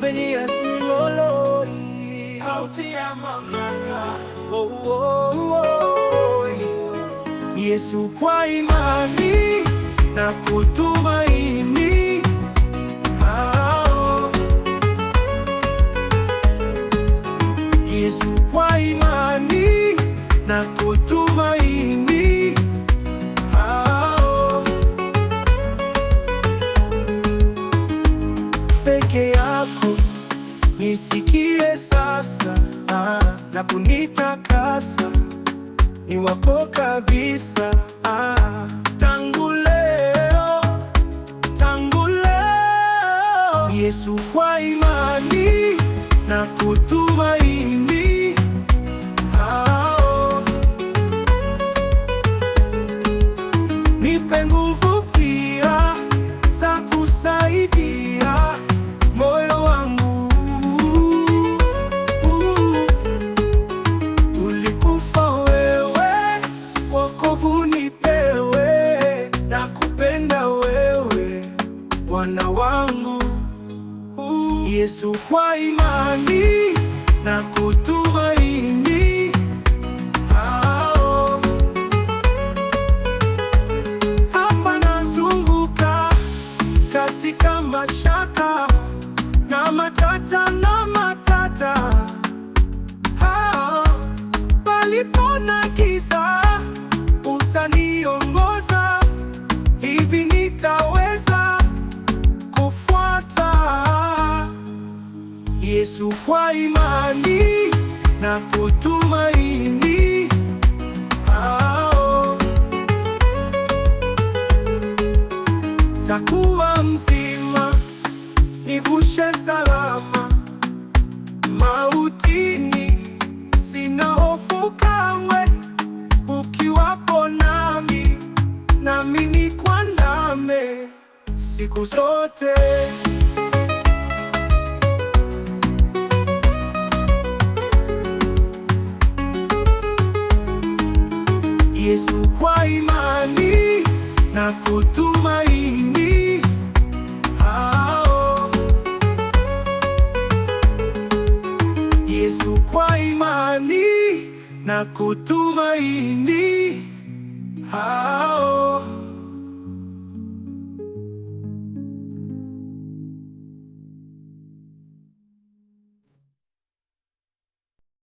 Ombeni ya Siloloi, sauti ya mamlaka. Oh, oh, oh, oh. Yesu kwa imani na kutumaini Yesu kwa imani na kutumaini nisikie sasa ah, na kunitakasa iwapo wako kabisa ah. Tangu leo, tangu leo Yesu, kwa imani na kutumaini ah, oh. Nipe nguvu nguvu nipewe na kupenda wewe Bwana wangu uh. Yesu kwa imani na kutumaini hao hapa nazunguka katika mashaka na matata Yesu kwa imani na kutumaini ao takuwa mzima, nivushe salama mautini, sina hofu kamwe, ukiwapo nami, nami nikwandame siku zote. Yesu kwa imani na kutumaini hao. Yesu kwa imani na kutumaini hao.